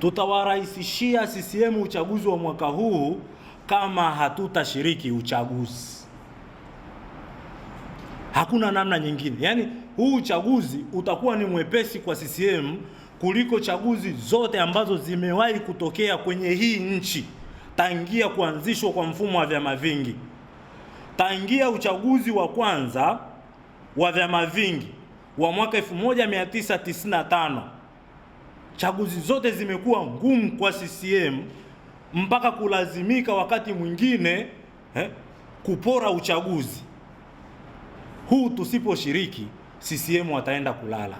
tutawarahisishia CCM uchaguzi wa mwaka huu kama hatutashiriki uchaguzi. Hakuna namna nyingine, yaani huu uchaguzi utakuwa ni mwepesi kwa CCM kuliko chaguzi zote ambazo zimewahi kutokea kwenye hii nchi tangia kuanzishwa kwa mfumo wa vyama vingi, tangia uchaguzi wa kwanza wa vyama vingi wa mwaka 1995 chaguzi zote zimekuwa ngumu kwa CCM mpaka kulazimika wakati mwingine eh, kupora uchaguzi huu. Tusiposhiriki CCM wataenda kulala.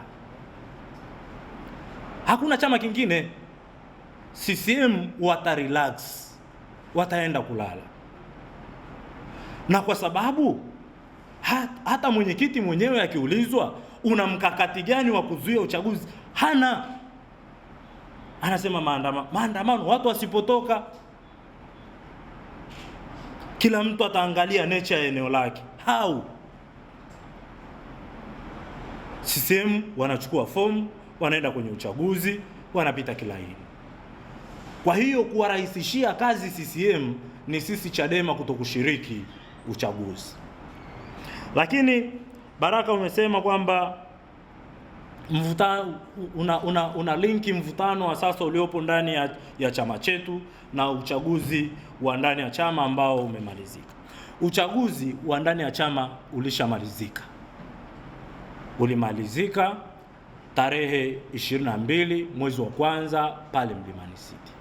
Hakuna chama kingine. CCM wata relax, wataenda kulala, na kwa sababu hata mwenyekiti mwenyewe akiulizwa, una mkakati gani wa kuzuia uchaguzi, hana anasema maandamano, maandamano watu wasipotoka, kila mtu ataangalia nature ya eneo lake. Hau CCM wanachukua fomu, wanaenda kwenye uchaguzi, wanapita kila kilaini. Kwa hiyo kuwarahisishia kazi CCM ni sisi Chadema kutokushiriki uchaguzi. Lakini Baraka umesema kwamba mvutano una, una, una linki mvutano wa sasa uliopo ndani ya, ya chama chetu na uchaguzi wa ndani ya chama ambao umemalizika. Uchaguzi wa ndani ya chama ulishamalizika, ulimalizika tarehe 22 mwezi wa kwanza pale Mlimani City.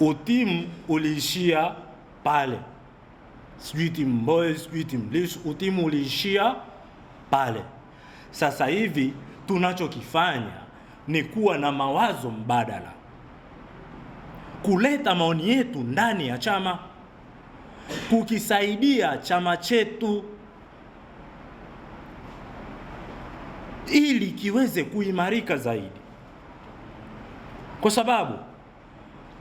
Utimu uliishia pale, sijui timu Mbowe, sijui timu Lissu, utimu uliishia pale. Sasa hivi tunachokifanya ni kuwa na mawazo mbadala, kuleta maoni yetu ndani ya chama, kukisaidia chama chetu ili kiweze kuimarika zaidi, kwa sababu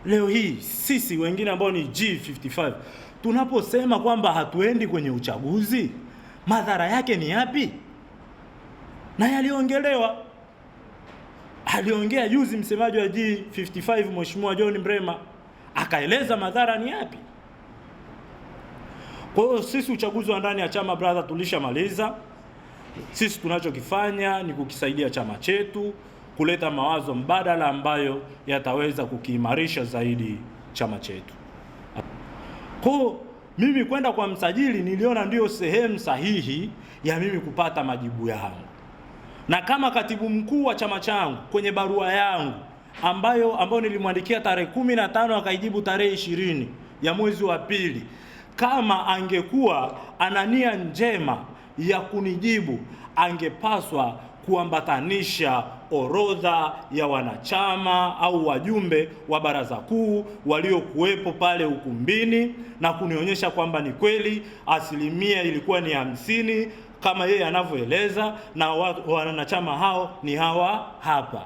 leo hii sisi wengine ambao ni G55 tunaposema kwamba hatuendi kwenye uchaguzi, madhara yake ni yapi? na yaliongelewa. Aliongea juzi msemaji wa G55 Mheshimiwa John Mrema akaeleza madhara ni yapi. Kwa hiyo sisi uchaguzi wa ndani ya chama brother, tulishamaliza. Sisi tunachokifanya ni kukisaidia chama chetu kuleta mawazo mbadala ambayo yataweza kukiimarisha zaidi chama chetu. Kwa mimi kwenda kwa msajili niliona ndiyo sehemu sahihi ya mimi kupata majibu yangu na kama katibu mkuu wa chama changu kwenye barua yangu ambayo ambayo nilimwandikia tarehe kumi na tano akaijibu tarehe ishirini ya mwezi wa pili, kama angekuwa ana nia njema ya kunijibu angepaswa kuambatanisha orodha ya wanachama au wajumbe wa baraza kuu waliokuwepo pale ukumbini na kunionyesha kwamba ni kweli asilimia ilikuwa ni hamsini kama yeye anavyoeleza, na wanachama hao ni hawa hapa.